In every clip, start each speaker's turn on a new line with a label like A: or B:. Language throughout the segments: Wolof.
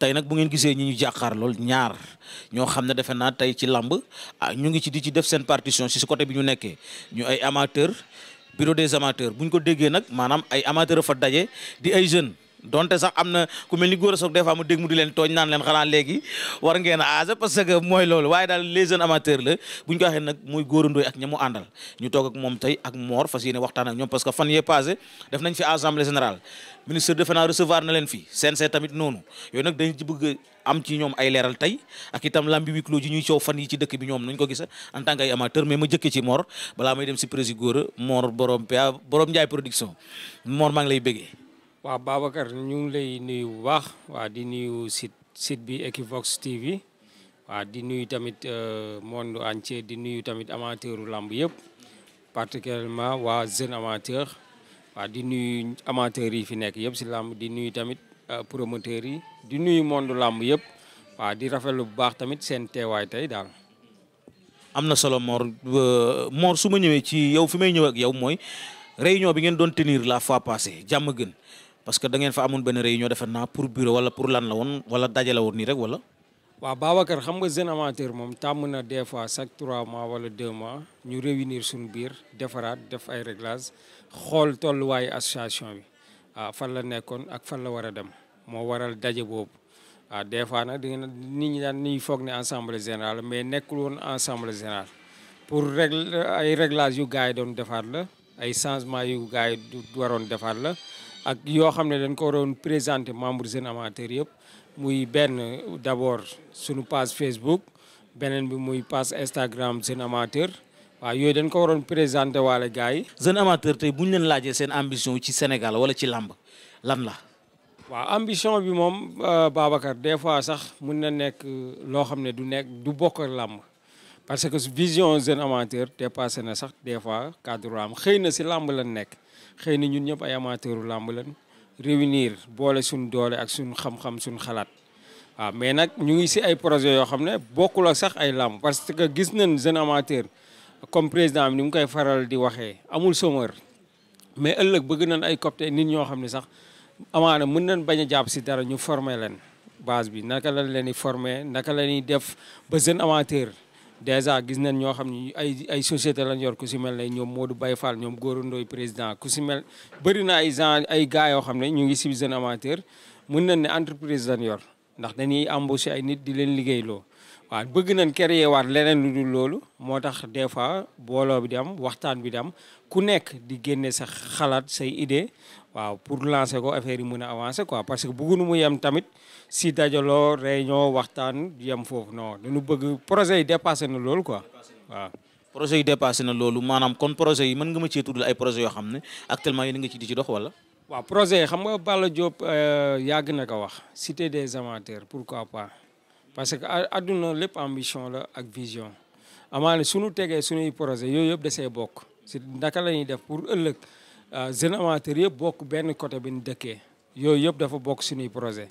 A: tey nag bu ngeen gisee ñi ñu jàkkaar lool ñaar ñoo xam ne defe naa tey ci làmb ah ñu ngi ci di ci def seen partition si côté bi ñu nekkee ñu ay amateur bureau des amateurs bu ñu ko déggee nag maanaam ay amateur fa dajee di ay jeunes donte sax am na ku mel ni góor a soog des fois mu mu di leen tooñ naan leen xanaa léegi war ngeen aase parce que mooy lool waaye daal les jeunes amateurs la bu ñu nag mooy góorandooy ak ña mu àndal ñu toog ak moom tey ak Mor fas waxtaan ak ñoom parce que fan yee passé def nañ fi assemblée générale ministre defe na leen fi CNC tamit noonu yooyu nag dañ ci bëgg am ci ñoom ay leeral tey ak itam lambi huis clos ji ñuy coow fan yi ci dëkk bi ñoom nuñ ko gisa en tant que ay amateur mais ma jëkkee ci Mor balaa may dem si prési góora Mor borom pa borom Njaay production Mor maa lay bëggee
B: waaw Babacar ñu ngi lay nuyu bu baax waa di nuyu sit site bi Equivox TV waa di nuyu tamit euh, monde entier di nuyu tamit amateuru làmb yëpp particulièrement waa jeune amateur waa di nuyu amateurs yi fi nekk yëpp si làmb di nuyu tamit euh, promoteurs yi di
A: nuyu monde làmb yëpp waa di rafetlu bu baax tamit seen teewaay tey daal. am na solo Mor euh, Mor su ma ñëwee ci yow fi may ñëw ak yow mooy réunion bi ngeen doon tenir la fois passée jàmm gën. parce que da fa amoon benn réunion defe naa pour bureau wala pour lan la woon wala daje la woon nii rek wala.
B: waaw Babacar xam nga jeune moom tàmm na des fois chaque trois mois wala deux mois ñu réunir suñu biir defaraat def ay réglages xool tolluwaayu association bi ah fan la nekkoon ak fan la war a dem moo waral daje boobu ah des fois nag dangeen nit ñi daan nit ñi foog ne assemblée générale mais nekkul woon assemblée générale pour régl ay réglages yu gars yi doon defaat la ay changements yu gars waroon defaat la. ak yoo xam ne dañ ko waroon présenter membre jeune amateur yëpp muy benn d'abord suñu page Facebook beneen bi muy page Instagram jeune amateur waa yooyu dañ ko waroon présenter waale gars yi. jeune amateur tey bu ñu leen laajee seen ambition ci Sénégal wala ci làmb lan la. waaw ambition bi moom euh, Babacar des fois sax mun na nekk loo xam ne du nekk du bokk ak làmb parce que vision jeune amateur dépassé na sax des fois cadre xëy na si làmb la nekk. xëy na ñun ñëpp ay amateuru làmb lañ réunir boole suñ doole ak suñ xam-xam suñ xalaat waaw mais nag ñu ngi si ay projet yoo xam ne bokkul ak sax ay làmb parce que gis nañ jeune amateur comme président bi ni mu koy faral di waxee amul chômeur mais ëllëg bëgg nañ ay copte nit ñoo xam ne sax amaana mun nañ bañ a jàpp si dara ñu former leen base bi naka lañ leen di former naka la ñuy def ba jeune amateur dèjà gis nañ ñoo xam ne ay ay société lañ yor ku si mel ne ñoom Modou Baye Fall ñoom Gora Ndoye président ku si mel bëri na ay gens ay gars yoo xam ne ñu ngi si jeune amateur mun nañ ne entreprise lañ yor. ndax dañuy embaucher ay nit di leen liggéeyloo waaw bëgg nañ créer waat leneen lu dul loolu moo tax des fois booloo bi di waxtaan bi di ku nekk di génne sa xalaat say idée waaw pour lancer ko affaire yi mën a avancer quoi parce que nu mu yem tamit si
A: dajaloo réunion waxtaan yem foofu non
B: dañu bëgg projet yi dépassé na loolu quoi
A: waaw. projet yi dépassé na loolu maanaam kon projet yi mën nga ma cee tuddal ay projet yoo xam ne actuellement yéen nga ci di ci dox wala. waaw projet
B: xam nga Balla Diop euh, yàgg na ko wax cité des pour pourquoi pas parce que adduna lépp ambition la ak vision amaana suñu tegee suñuy projet yooyu yëpp dasee bokk si naka la ñuy def pour ëllëg euh, jeune amateur yëpp bokk benn côté bi ñu dëkkee yooyu yëpp dafa bokk suñuy projet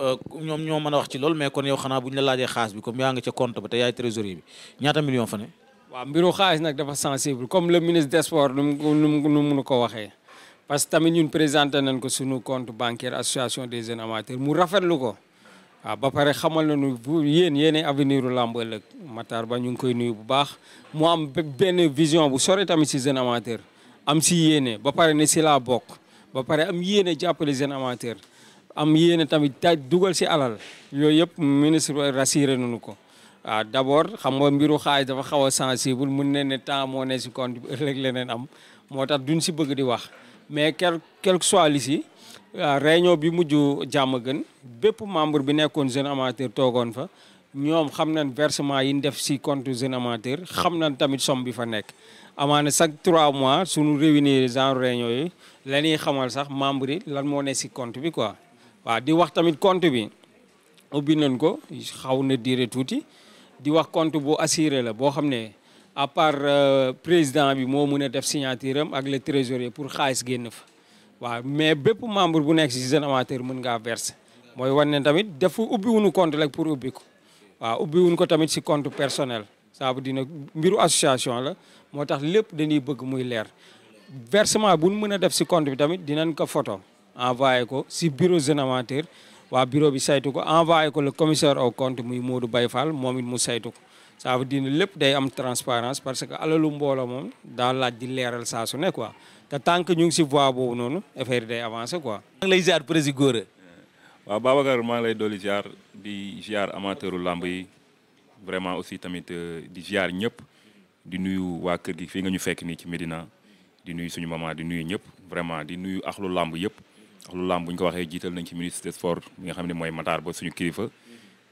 A: euh, ñoom ñoo mën a wax ci loolu mais kon yow xanaa bu ñu la laajee xaalis bi comme yaa ngi ca compte ba te yaay trésorier bi ñaata million fa ne waaw mbiru xaalis nag dafa sensible comme le ministre des sports nu mu
B: nu ko waxee parce que tamit ñun présenté nañ ko sunu compte bancaire association des jeunes amateurs mu rafetlu ko waaw ah, ba pare xamal nañu bu yéen yéene avenir u làmb ëllëg Matar Ba ñu ngi koy nuyu bu baax mu am benn vision bu sore tamit si jeune amateur am si yéene ba pare ne si laa bokk ba pare am yéene jàppale jeune amateur am yéene tamit taj dugal si alal yooyu yëpp ministre rassuré nañu ko waaw ah, d' abord xam nga mbiru xaaj dafa xaw a sensible mun ne ne temps moo ne si compte bi ëllëg leneen am moo tax duñ si bëgg di wax mais quelque quel que soit l'ici euh, réunion bi mujj jàmm gën bépp membre bi nekkoon jeune amateur toogoon fa ñoom xam nañ versement yi ñu def si compte jeune amateur xam nañ tamit somme bi fa nekk amaana chaque trois mois suñu réunir genre réunion yi la ñuy xamal sax membre yi lan moone si compte bi quoi waa di wax tamit compte bi ubbi nañ ko xaw na diire tuuti di wax compte bu assuré la boo xam ne à part euh, président bi moo mun a def signature am ak le trésorier pour xaalis génn fa waaw mais bépp membre bu nekk si jeune amateur mën ngaa verser mooy wan ne tamit dafa ubbi wuñu compte rek pour ubbi ko waaw ubbi wuñ ko tamit si compte personnel saabu dina mbiru association la moo tax lépp dañuy bëgg muy leer versement bu ñu mën a def si compte bi tamit dinañ ko photo envoyé ko si bureau jeune amateur waa bureau bi saytu ko envoyé ko le commissaire au compte muy Modou Baye Fall moom it mu saytu ko ça veut na lépp day am transparence parce que alalu mbooloo moom daa laaj di leeral saa su ne quoi te tant que ñu ngi si voie boobu noonu
C: affaire day avancé quoi. maa ngi lay ziar président Gora. waaw lay dolli ziar di ziar amateuru làmb yi vraiment aussi tamit euh, di ziar ñëpp di nuyu waa kër gi fii nga ñu fekk nii ci Medina di nuyu suñu maman di nuyu ñëpp vraiment di nuyu axlu làmb yëpp axlu làmb bu ñu ko waxee jiital nañ ci ministre des sports nga xam ne mooy Matar ba suñu kilifa.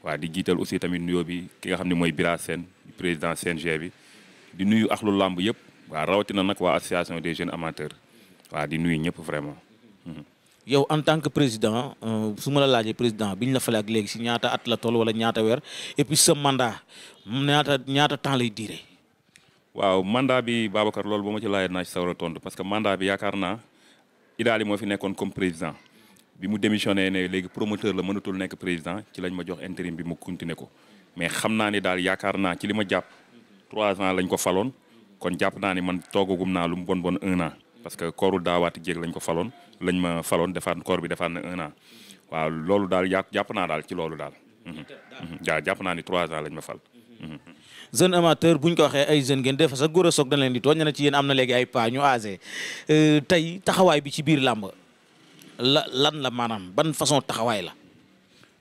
C: waa di jiital aussi tamit nuyoo bi ki nga xam ne mooy Bira seen président CNG bi di nuyu lu làmb yëpp waa rawatina nag waa association des jeunes amateurs waa di nuyu ñëpp vraiment. Mhm. yow en tant que président euh, su ma la
A: laajee président bi ñu la fale ak léegi si ñaata at la toll wala ñaata weer et puis sa mandat ñaata
C: ñaata temps lay diire. waaw mandat bi Babacar loolu ba ma ci laajee naa ci sawar parce que mandat bi yaakaar naa Idaly moo fi nekkoon comme président. bi mu démissionné ne léegi promoteur la mënatul nekk président ci lañ ma jox intérim bi ma continué ko mais xam naa ni daal yaakaar naa ci li ma jàpp trois ans lañ ko faloon kon jàpp naa ni man toogagum naa lu mu bon bon un an parce que kooru daawaati na ci loolu mhm. Mhm. jàpp trois ans lañ ma fal
D: mhm.
A: jeune amateur buñ ko waxee ay jeune ngeen def sa góor a leen di tooñ ne ci yéen am na léegi ay pas ñu âgé euh, taxawaay bi ci biir làmb
C: la lan la maanaam ban façon taxawaay la.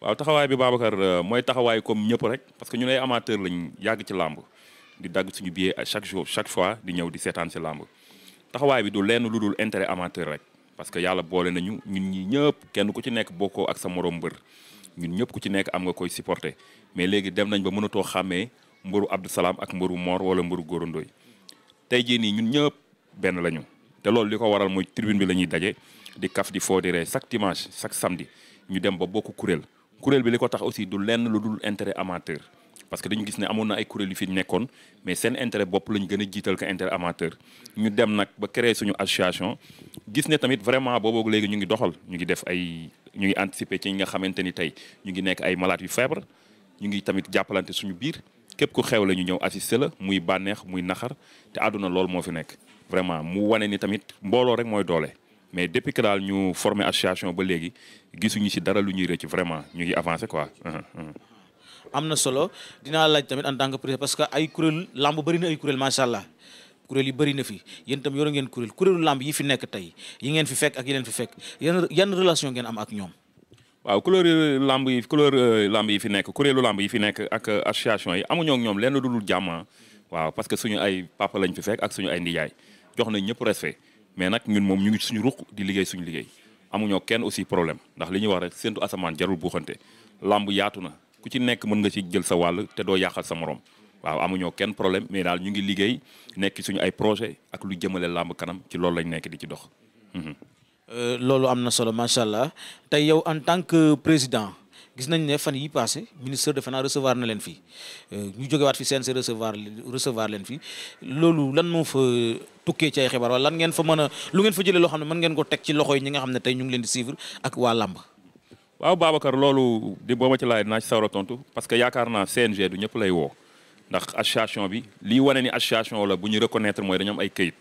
C: waaw taxawaay bi Babacar euh, mooy taxawaay comme ñëpp rek parce que ñu lay amateur lañ yàgg ci làmb di dagg suñu billet chaque jour chaque fois di ñëw di seetaan ci làmb taxawaay bi du lenn lu dul intérêt amateur rek parce que yàlla boole nañu ñun ñi ñëpp kenn ku ci nekk bokkoo ak sa morom mbër ñun ñëpp ku ci nekk am nga koy supporter mais léegi dem nañ ba mënatoo xàmmee mbëru Abdou Salam ak mbëru moor wala mbëru Goro tey jii nii ñun ñëpp benn lañu. te loolu li ko waral mooy tribune bi la ñuy daje di kaf di foo di ree chaque dimanche chaque samedi ñu dem ba bokk kuréel kuréel bi li ko tax aussi du lenn lu dul intérêt amateur parce que dañu gis ne amoon na ay kuréel yu fi nekkoon mais seen intérêt bopp lañ gën a jiital ko intérêt amateur ñu dem nag ba créer suñu association gis ne tamit vraiment boobu léegi ñu ngi doxal ñu ngi def ay ñu ngi anticiper ci ñi nga xamante ni tey ñu ngi nekk ay malades yu feebar ñu ngi tamit jàppalante suñu biir képp ku xew la ñu ñëw assister muy bànneex muy naxar te àdduna loolu moo fi nekk vraiment mu wane ni tamit mbooloo rek mooy doole mais depuis que daal ñu formé association ba léegi gisuñu si dara lu ñuy rëcc vraiment ñu ngi avancé quoi.
A: am na solo dinaa laaj tamit en tant que parce que ay kuréel làmb bëri na ay kuréel allah kuréel yi bëri na fi yéen itam ngeen kuréel kuréelu làmb yi fi nekk tey yi ngeen fi fekk ak yi leen fi fekk yan yan relation ngeen am ak ñoom.
C: waaw couleur euh, lamb yi couleur euh, lamb yi fi nekk kuréelu lamb yi fi nekk ak euh, association yi amuñoo ak ñoom lenn dul jàmm ah. waaw parce que suñu ay papa lañ fi fekk ak suñu ay ndiyaay jox nañ ñëpp respect mais nag ñun moom ñu ngi suñu ruq di liggéey suñ liggéey amuñoo kenn aussi problème ndax li ñuy wax rek séntu asamaan jarul buuxante làmb yaatu na ku ci nekk mën nga ci jël sa wàll te doo yàqal sa morom waaw amuñoo kenn problème mais daal ñu ngi liggéey nekk suñu ay projet ak lu jëmale làmb kanam ci loolu lañ nekk di ci dox.
D: Mhm.
A: Euh, loolu am na solo macha allah tey yow en tant que président. gis nañ ne fan yi passé ministre de finance recevoir na leen fii euh, ñu jógewaat fi CNC recevoir recevoir leen fi loolu lan moo fa tukkee ci ay xibaar wala lan ngeen fa mën a
C: lu ngeen fa jëlee loo xam ne man ngeen ko teg ci loxo yi ñi nga xam ne tey ñu ngi leen di suivre ak waa làmb waaw Babacar loolu di boo ma ci laaj naa ci sawar a tontu parce que yaakaar naa CNG du ñëpp lay woo ndax association bi lii wane ni association la bu ñu reconnaître mooy dañu ay këyit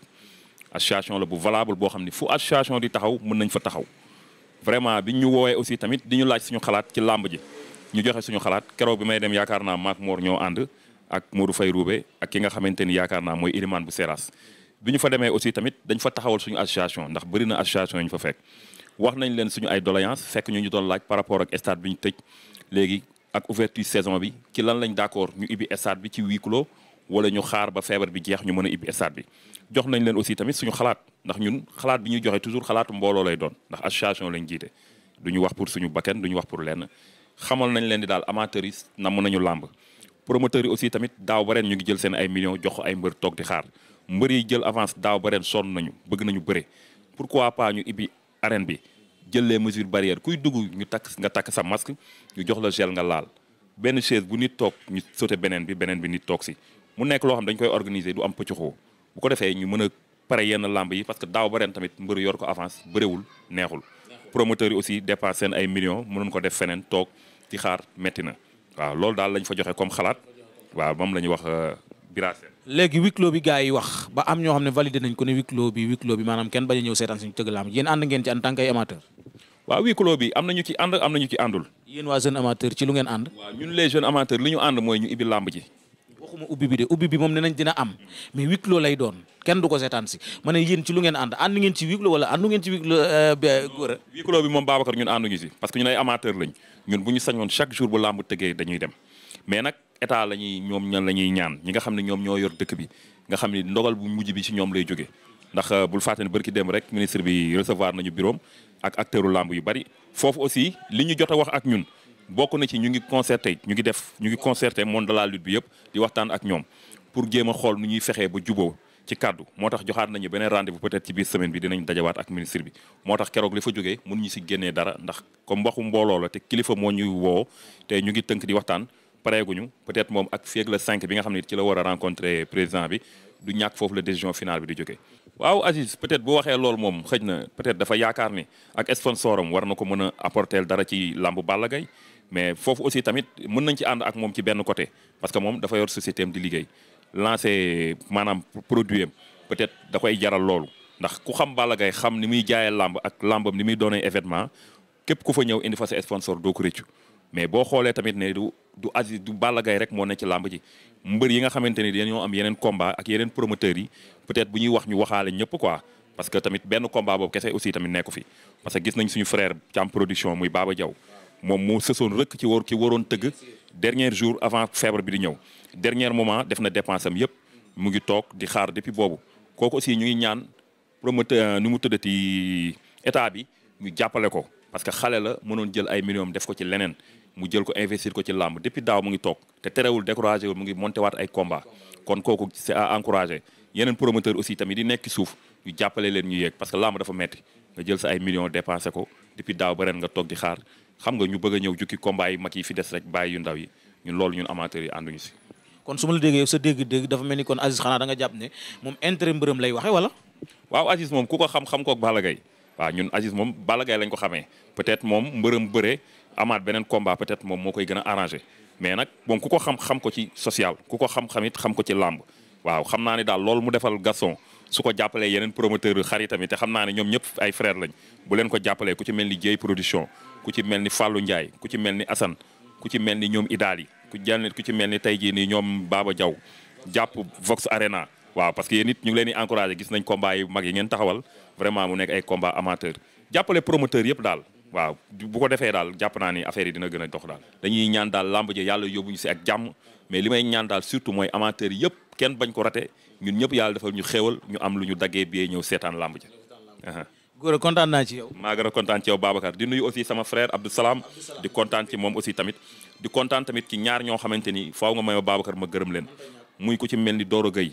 C: association la bu valable boo xam ni fu association di taxaw mën nañ fa taxaw vraiment bi ñu woowee aussi tamit di laaj suñu xalaat ci làmb ji ñu joxe suñu xalaat keroog bi may dem yaakaar naa maak moor ñoo ànd ak Modou Faye Roubé ak ki nga xamante ni yaakaar naa mooy Iliman bu Seras bi ñu fa demee aussi tamit dañ fa taxawal suñu association ndax barina na association yi ñu fa fekk wax nañ leen suñu ay doleance fekk ñu ñu doon laaj par rapport ak stade bi ñu tëj léegi ak ouverture saison bi ci lan lañ d'accord ñu ibi stade bi ci huis clos wala ñu xaar ba feebar bi jeex ñu mën a ibbi stade bi jox nañ leen aussi tamit suñu xalaat ndax ñun xalaat bi ñuy joxe toujours xalaatu mbooloo lay doon ndax association lañ jiite du ñu wax pour suñu bakkan du wax pour leen xamal nañ leen di daal amateurs yi namm nañu làmb promoteurs yi aussi tamit daaw ba ñu ngi jël seen ay millions jox ay mbër toog di xaar mbër yi jël avance daaw ba ren sonn nañu bëgg nañu bëre pourquoi pas ñu ibbi arène bi jël les mesures barrières kuy dugg ñu takk nga takk sa masque ñu jox la gel nga laal benn chaise bu nit toog ñu beneen bi beneen bi nit toog mu nekk loo xam dañ koy organiser du am pëccëxoo bu ko defee ñu mën pare yenn lamb yi parce que daaw ba ren tamit mbër yor ko avance bëriwul neexul promoteurs yi aussi dépasse seen ay millions mënoon ko def feneen toog ci xaar métti na waaw loolu daal lañ fa joxe comme xalaat waaw moom la ñuy wax euh, birase
A: léegi huis clos bi gars yi wax ba am ñoo xam ne validé nañ ko ne huis maanaam kenn bañ a ñëw seetaan suñu tëgg lamb yéen ànd ngeen ci en tant que amateur waaw ñu ànd lamb ji waxuma ubbi bi de ubbi bi moom ne nañ dina am mais huis clos lay doon kenn du ko seetaan si ma ne ci lu ngeen ànd ànd ngeen
C: ci huis clos wala àndu ngeen ci huis clos euh, góor a huis clos ñun àndu ngi si parce que ñun ay amateur lañ ñun bu ñu sañoon chaque jour bu làmb tëggee dañuy dem mais nag état la ñuy ñoom ñan la ñuy ñaan ñi nga xam ne ñoom ñoo yor dëkk bi nga xam ne ndogal bu mujj bi ci ñoom lay joge ndax euh, bul fàtte ne bërki dem rek ministre bi recevoir nañu bureau ak acteuru làmb yu bari foofu aussi li ñu jot a wax ak ñun bokk na ci ñu ngi concerté ñu ngi def ñu ngi concerté monde de la lutte bi yëpp di waxtaan ak ñoom pour jéem a xool nu ñuy fexe ba juboo ci kaddu moo tax joxaat nañu beneen rendez-vous peut-être ci biir semaine bi dinañ dajawaat ak ministre bi moo tax keroog li fa jógee mënuñu si génnee dara ndax comme waxu mbooloo la te kilifa moo ñuy woo te ñu ngi tënk di waxtaan pareeguñu peut-être moom ak fii ak le 5 bi nga xam ne ci la war a rencontrer président bi du ñàkk foofu la décision finale bi di jógee. waaw Aziz peut-être bu waxee loolu moom xëj na peut-être dafa yaakaar ni ak sponsoram war na ko mën a apporter dara ci làmb Balla mais foofu aussi tamit mën nañ ci ànd ak moom ci benn côté parce que moom dafa yor société am di liggéey lancé maanaam produit am peut-être da koy jaral loolu ndax ku xam Balla gay xam ni muy jaayee làmb ak làmbam ni muy doonee événement képp ku fa ñëw indi fa sa sponsor doo ko mais boo xoolee tamit ne du du asi du Balla gay rek moo ne ci làmb ji mbër yi nga xamante ni dañoo am yeneen combat ak yeneen promoteurs yi peut-être bu ñuy wax ñu waxaale ñëpp quoi parce que tamit benn combat boobu kese aussi tamit nekku fi parce que gis nañ suñu frère ci muy Baba Diaw moom moo sësoon rëkk ci war ci waroon tëgg dernier jour avant feebar bi di ñëw dernier moment def na dépense am yëpp mu ngi toog di xaar depuis boobu kooku aussi ñu ngi ñaan promoteur nu mu tëddati état bi ñu jàppale ko parce que xale la mënoon jël ay minimum def ko ci leneen mu jël ko investir ko ci làmb depuis daaw mu ngi toog te terewul découragé wul mu ngi monté waat ay combat kon kooku c'est à encourager yeneen promoteur tamit di nekk suuf ñu jàppale leen ñu yéeg parce que làmb dafa metti nga jël sa ay millions dépensé ko depuis daaw ba reen nga toog di xaar xam nga ñu bëgg a ñëw jukki combat yi mag yi fi des rek bàyyi yu ndaw yi ñun loolu ñun amateurs yi ànduñu si
A: kon su ma la déggee sa
C: dégg-dégg dafa mel ni kon Aziz xanaa da nga jàpp ne moom intérêt mbërëm lay waxee wala waaw Aziz moom ku ko xam-xam kook Balla Gaye waaw ñun Aziz moom Balla lañ ko xamee peut-être moom mbërëm bëre amaat beneen combat peut-être moom moo koy gën a arrangé mais nag moom ku ko xam-xam ko ci social ku ko xam-xam it xam ko ci làmb waaw xam naa ne daal loolu mu defal Gaston su ko jàppalee yeneen promoteur xarit tamit te xam naa ne ñoom ñëpp ay frère lañ bu leen ko jàppalee ci mel ni Dieye production ku ci mel ni Fallou Ndiaye ku ci mel ni Assane ku ci mel ni ñoom Idaali ku jàll ku ci mel ni tey jii nii ñoom Baba jaw jàpp Vox Arena waaw parce que yéen it ñu ngi leen di encouragé gis nañ combat yi mag yi ngeen taxawal vraiment mu nekk ay combat amateur jàppale promoteur yëpp daal waaw bu ko defee daal jàpp naa ni affaire yi dina gën a dox daal dañuy ñaan daal làmb ji yàlla yóbbuñu si ak jàmm mais li may ñaan daal surtout mooy amateur yëpp kenn bañ ko rate ñu ñëpp yàlla defal ñu xéewal ñu am lu ñu daggee biyee ñëw seetaan làmb ji
A: góor kontaan naa ci
C: yow. maa gën a kontaan ci di nuyu aussi sama frère Abdou Salam di kontaan ci moom aussi tamit di kontaan tamit ci ñaar ñoo xamante ni faaw nga mayoo Babacar ma gërëm leen muy ko ci mel ni dooro Gueye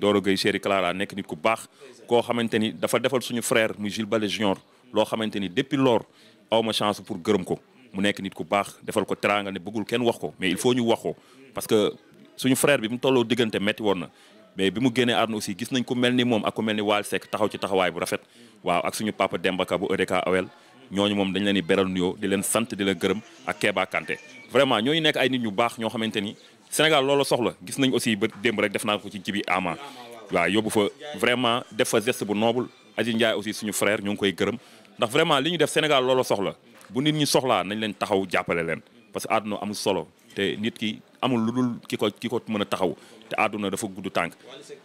C: Doro Gueye chéri Clara nekk nit ku baax koo xamante ni dafa defal suñu frère muy Jules bale Junior loo xamante ni depuis lors aw ma chance pour gërëm ko mu nekk nit ku baax defal ko teraanga ne bëggul kenn wax ko mais il faut ñu wax ko parce que suñu frère bi mu tolloo diggante métti na mais bi mu génnee àdduna aussi gis nañ ku mel ni moom ak ku mel ni Waal Seck taxaw ci taxawaay bu rafet waaw ak suñu papa Demba Ka bu EDK awel ñooñu moom dañ leen di beral nuyoo di leen sant di la gërëm ak Keba Kanté vraiment ñooñu nekk ay nit ñu baax ñoo xamante ni Sénégal loolu soxla gis nañ aussi ba démb rek def naa ko ci jibi ama waaw yóbbu fa vraiment def fa bu noble Aziz Ndiaye aussi suñu frère ñu ngi koy gërëm ndax vraiment li ñu def Sénégal loolu soxla bu nit ñi soxlaa nañ leen taxaw jàppale leen parce que àdduna amul solo te nit ki amul lu dul ki ko ki ko mën a taxaw te àdduna dafa gudd tànk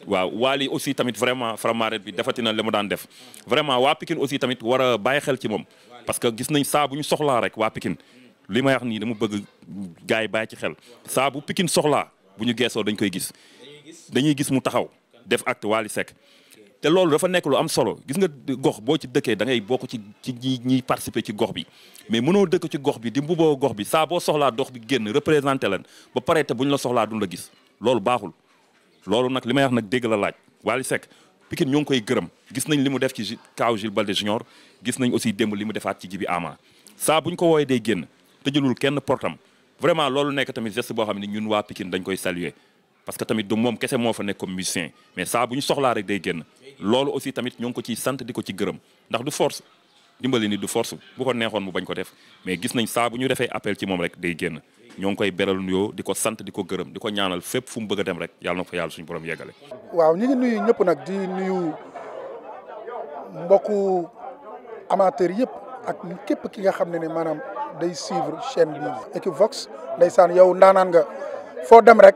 C: waaw Wally aussi tamit vraiment Faramareen bi defati na li mu daan def vraiment waa Pikine aussi tamit war a bàyyi xel ci moom parce que gis nañ saa bu ñu soxlaa rek waa Pikine li may wax nii dama bëgg gars yi bàyyi ci xel saa bu Pikine soxlaa bu ñu geesoo dañu koy gis dañuy gis mu taxaw def acte Wally Seck te loolu dafa nekk lu am solo gis nga gox boo ci dëkkee da ngay bokk ci ci ñi ñiy participer ci gox bi mais mënoo dëkk ci gox bi di mbuboo gox bi saa soxlaa dox bi génn représenté leen ba pare te la soxlaa duñ la gis loolu baaxul loolu nag li may wax nag dégg la laaj Wally Seck Pikine ñoo ngi koy gërëm gis nañ li mu def ci kaaw Jules Balde Junior gis nañ aussi démb li mu defaat ci Djiby Ama saa bu ñu ko wooyee day génn tëjalul kenn portam vraiment loolu nekk tamit geste boo xam ne ñun waa Pikine dañ koy saluer parce que tamit du moom kese moo fa nekk comme musicien mais saa bu ñu soxlaa rek day génn loolu aussi tamit ñoo ngi ko ciy sant di ko ci gërëm ndax du force dimbali nit du force ko neexoon mu bañ ko def mais gis nañ saa bu ñu defee appel ci moom rek day génn ñoo ngi koy beral nuyoo di ko sant di ko gërëm di ko ñaanal fépp fu mu bëgg a dem rek yàlla na fa yàlla suñu borom yeggale.
D: waaw ñu ngi nuyu ñëpp nag di nuyu mbokku amateur yëpp ak képp ki nga xam ne ne maanaam day suivre chaîne bi Equivox ndeysaan yow ndaanaan nga foo dem rek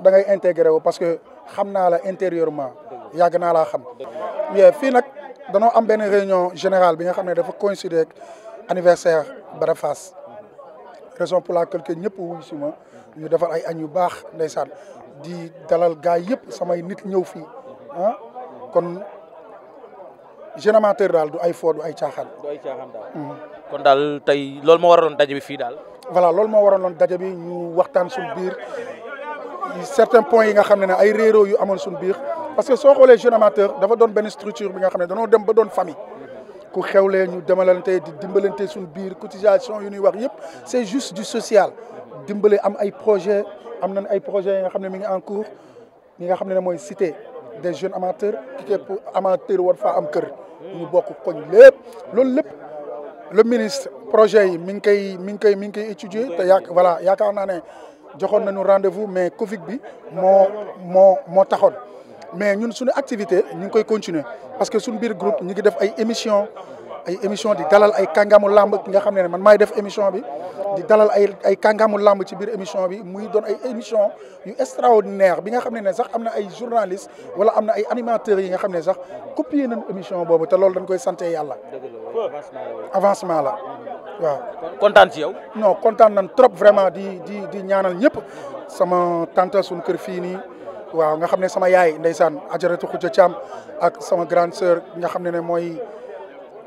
D: da ngay intégré wu parce que xam naa la intérieurement yàgg naa laa xam. mais fii nag danoo am benn réunion général bi nga xam ne dafa coïncider ak anniversaire Bara Fass raison pour laquelle que ñëpp wuy si ma ñu defar ay añ yu baax ndeysaan di dalal gaa yëpp samay nit ñëw fii ah kon générateur daal du ay foo du ay caaxaan. du
A: ay caaxaan daal. Mm. kon daal tey lool moo waraloon daje bi fii daal.
D: voilà lool moo waraloon daje bi ñu waxtaan suñu biir certains points yi nga xam ne ne ay réeróo yu amoon suñu biir parce que soo xoolee générateur dafa doon benn structure bi nga xam ne danoo dem ba doon famille. ku xewlee ñu demalante di dimbalante suñu biir cotisation yu ñuy wax yëpp c'est juste du social dimbale am ay projet am nañ ay projets yi nga xam ne mi ngi en cours yi nga xam ne mooy cité des jeunes amateurs ki képp amateur war faa am kër ñu bokk koñ lépp loolu lépp le ministre projet yi mi ngi koy mi ngi koy mi ngi koy étudier te yaa voilà yaakaar naa ne joxoon nañu rendez-vous mais Covid bi moo moo moo taxoon mais ñun suñu activité ñu ngi koy continuer parce que suñu biir group ñu ngi def ay émission ay émission di dalal ay kàngaamu làmb ki nga xam ne man maay def émission bi di dalal ay ay kàngaamu làmb ci biir émission bi muy doon ay émission yu extraordinaire bi nga xam ne ne sax am na ay journaliste wala am na ay animateurs yi nga xam ne sax copier nañ émission boobu te lool dañ koy sante yàlla
A: avancement la waaw kontaan ci yow
D: non kontaan trop vraiment di di di ñaanal ñëpp sama tante suñu kër fii nii waaw nga xam ne sama yaay ndeysaan ajaratu Khoudia Thiam ak sama grande sœur nga xam ne ne mooy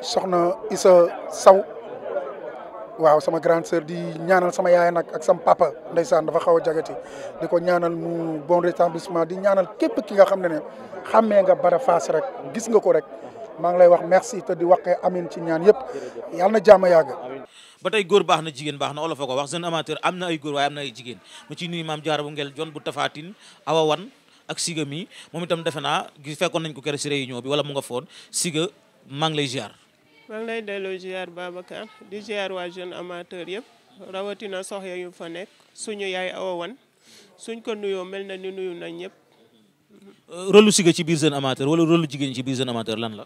D: soxna Issa Saw waaw sama grande sœur di ñaanal sama yaay nag ak sama papa ndeysaan dafa xaw a jagati di ko ñaanal mu bon rétablissement di ñaanal képp ki nga xam ne ne xàmmee nga Bara Fass rek gis nga ko rek maa ngi lay wax merci te di waxee amin ci ñaan yëpp yàlla na jàmm yàgg
A: ba tey góor baax na jigéen baax na olof a ko wax jeune amateur am na ay góor waaye am na ay jigéen ma ciy nuyu maam jaar bu ngel jon bu tafaatin awa wan ak siga mi moom itam defe naa gi fekkoon nañ ko kere si réunion bi wala mu nga foon siga maa ngi lay ziar maa ngi lay delloo ziar Babacar di ziar waa jeune amateur yëpp rawatina soxya yu fa nekk suñu yaay awa wan suñ ko nuyoo mel na ni nuyu nañ ñëpp rôle ci biir jeune amateur wala rôle jigéen ci biir jeune lan la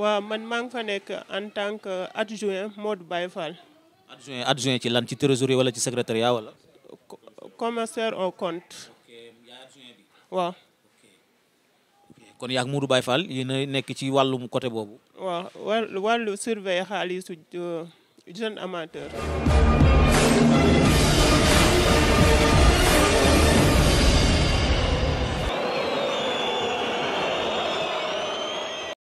A: waaw man maa ngi fa nekk en tant que adjoint Modou Baye Fall. adjoint adjoint ci lan ci trésorier wala ci secrétariat wala. commissaire au compte. waaw. kon yaa ngi Modou Baye Fall nekk ci wàllum côté boobu. waaw wàllu wàllu xaalisu euh, jeune amateur.